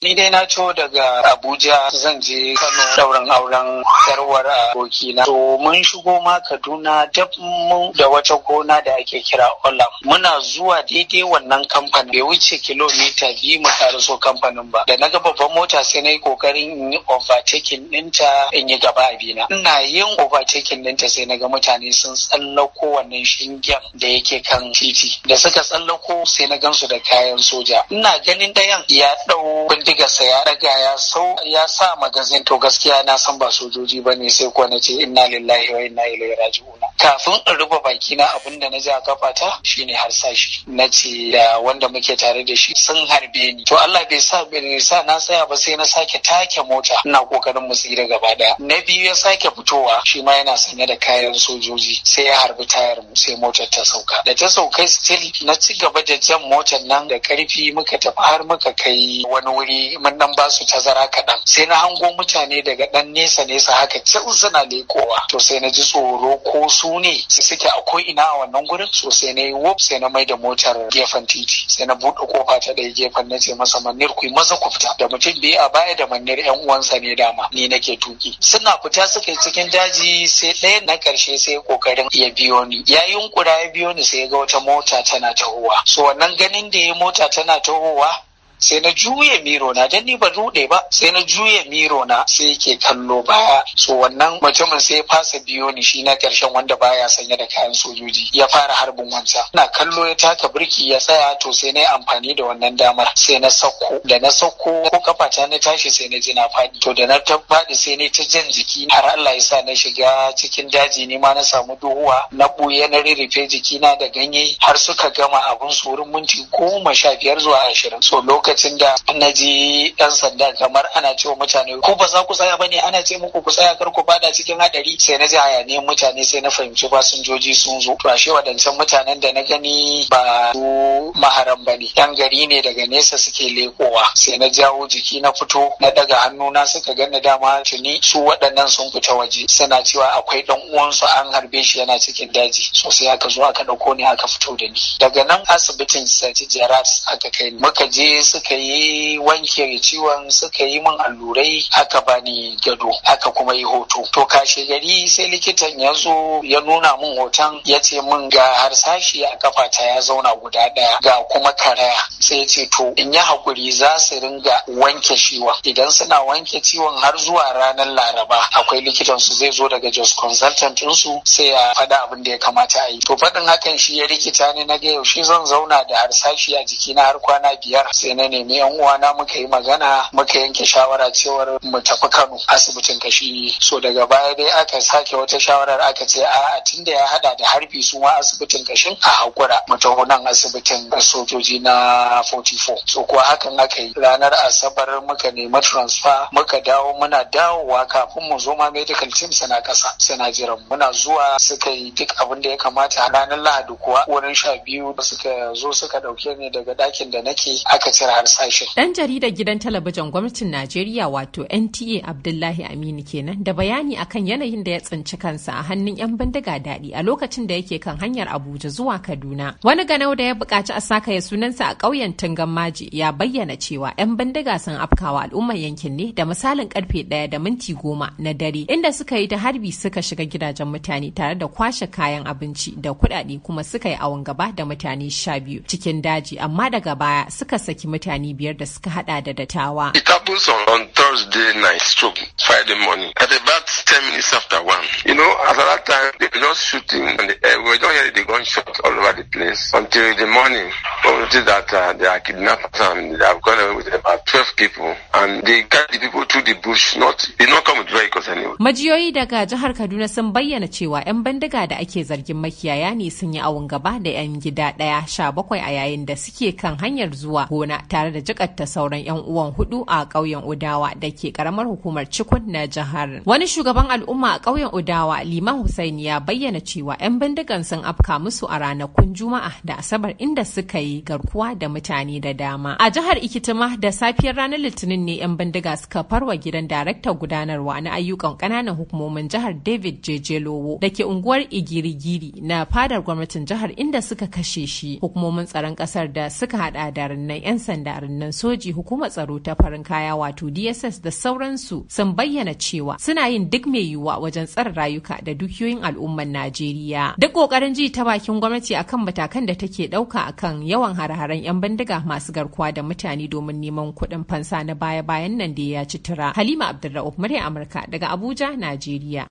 Ni dai na ciwo daga Abuja zan je Kano daurin auren yarwar abokina. To mun shigo ma Kaduna dab mu da wata gona da ake kira Olam. Muna zuwa daidai wannan kamfanin bai wuce kilomita biyu mu karaso kamfanin ba. Da na ga babban mota sai na yi kokarin in yi overtaking ɗinta in yi gaba a na. Ina yin overtaking ɗinta sai na ga mutane sun tsallako wannan shingen da yake kan titi. Da suka tsallako sai na gansu da kayan soja. Ina ganin ɗayan ya ɗau bindigarsa ya raga ya sau ya sa magazin to gaskiya na san ba sojoji ba ne sai kuwa na ce inna lillahi wa inna ilaihi na. kafin in rufe baki na abin da na ji a kafata shine harsashi na ce da wanda muke tare da shi sun harbe ni to Allah bai sa bai sa na saya ba sai na sake take mota ina kokarin mu tsira gaba daya na biyu ya sake fitowa shi ma yana sanye da kayan sojoji sai ya harbi tayar mu sai motar ta sauka da ta sauka still na ci gaba da jan motar nan da karfi muka tafi har muka kai wani wuri mutane mun dan ba su tazara kaɗan sai na hango mutane daga ɗan nesa nesa haka can suna lekowa to sai na ji tsoro ko su ne su suke a ko'ina ina a wannan gurin so sai na yi wop sai na mai da motar gefen titi sai na buɗe kofa ta ɗaya gefen na ce masa manir ku maza ku fita da mutum biyu a baya da manir yan uwansa ne dama ni nake tuki suna fita suka cikin daji sai ɗaya na ƙarshe sai kokarin ya biyo ni ya yunkura ya biyo ni sai ya ga wata mota tana tahowa so wannan ganin da ya mota tana tahowa sai na juye miro na dan ni ba rude ba sai na juye miro na sai ke kallo baya so wannan mutumin sai ya fasa biyo ni shi na karshen wanda baya sanye da kayan sojoji ya fara harbin wansa na kallo ya taka birki ya tsaya to sai na yi amfani da wannan damar sai na sako da na sako ko kafa ta na tashi sai na ji na faɗi to da na ta sai na ta jan jiki har Allah ya sa na shiga cikin daji ne ma na samu duhuwa na buye na rirrife jikina da ganye har suka gama abun su minti goma sha biyar zuwa ashirin so lokacin lokacin da na ji yan sanda kamar ana cewa mutane ko ba za ku tsaya ba ne ana ce muku ku tsaya kar ku bada cikin haɗari!" sai na ji hayaniyan mutane sai na fahimci fasinjoji sun zo to ashe waɗancan mutanen da na gani ba su maharam ba ne yan gari ne daga nesa suke lekowa sai na jawo jiki na fito na daga hannu na suka ganna dama tuni su waɗannan sun fita waje suna cewa akwai dan uwansu an harbe shi yana cikin daji sosai aka zo aka ɗauko ni aka fito da ni daga nan asibitin Sati Jarat aka kai muka je su suka yi wanke ciwon suka yi min allurai haka bani gado haka kuma yi hoto to kashe gari sai likitan ya zo ya nuna min hoton ya ce min ga harsashi a kafata ya zauna guda ɗaya ga kuma karaya sai ya ce to in yi hakuri za su ringa wanke ciwon idan suna wanke ciwon har zuwa ranar laraba akwai likitan su zai zo daga jos consultant su sai ya faɗa abin da ya kamata a yi to faɗin hakan shi ya rikita ne na ga yaushe zan zauna da harsashi a jikina har kwana biyar sai na nemi yan uwana muka yi magana muka yanke shawara cewar mu tafi Kano asibitin kashi so daga baya dai aka sake wata shawarar aka ce a tunda ya hada da harbi su ma asibitin kashin a hakura mu taho nan asibitin sojoji na 44 so kuwa hakan aka yi ranar asabar muka nemi transfer muka dawo muna dawowa kafin mu zo ma medical team suna kasa suna jiran muna zuwa suka yi duk abin da ya kamata ranar lahadi kuwa wurin sha biyu suka zo suka dauke ni daga dakin da nake aka cira har Dan jaridar gidan talabijin gwamnatin Najeriya wato NTA Abdullahi Aminu kenan da bayani akan yanayin da ya tsinci kansa a hannun 'yan bindiga daɗi a lokacin da yake kan hanyar Abuja zuwa Kaduna. Wani ganau da ya buƙaci a saka ya sunansa a ƙauyen Tungan Maji ya bayyana cewa 'yan bindiga sun afkawa al'ummar yankin ne da misalin karfe ɗaya da minti goma na dare inda suka yi ta harbi suka shiga gidajen mutane tare da kwashe kayan abinci da kuɗaɗe kuma suka yi awon gaba da mutane sha biyu cikin daji amma daga baya suka saki mutane mutane biyar da suka hada da dattawa. It happens on, on Thursday night stroke Friday morning at about 10 minutes after one. You know, at that time they were just shooting and the, uh, eh, we were just hearing the gunshot all over the place until the morning. community that uh, they are kidnappers and they have gone away with about 12 people and they got the people through the bush not they not come with vehicles anyway. Majiyoyi daga jihar Kaduna sun bayyana cewa 'yan bandiga da ake zargin makiyaya ne sun yi awon gaba da 'yan gida daya sha bakwai a yayin da suke kan hanyar zuwa gona tare da jikatta sauran 'yan uwan hudu a ƙauyen Udawa da ke karamar hukumar Cikun na jihar. Wani shugaban al'umma a ƙauyen Udawa Liman Hussaini ya bayyana cewa 'yan bindigan sun afka musu a ranakun Juma'a da Asabar inda suka yi yi garkuwa da mutane da dama. A jihar Ikitima da safiyar ranar Litinin ne 'yan bindiga suka farwa gidan daraktan gudanarwa na ayyukan ƙananan hukumomin jihar David Jejelowo da ke unguwar Igirigiri na fadar gwamnatin jihar inda suka kashe shi. Hukumomin tsaron ƙasar da suka hada da rinnan 'yan sanda rinnan soji hukumar tsaro ta farin kaya wato DSS da sauransu sun bayyana cewa suna yin duk mai yiwuwa wajen tsare rayuka da dukiyoyin al'ummar Najeriya. Duk ƙoƙarin ji ta bakin gwamnati akan matakan da take ɗauka akan yau yawan hare-haren 'yan bindiga masu garkuwa da mutane domin neman kuɗin fansa na baya-bayan nan da ya ci tura. Halima Abdulra'uf murya Amurka daga Abuja, Najeriya.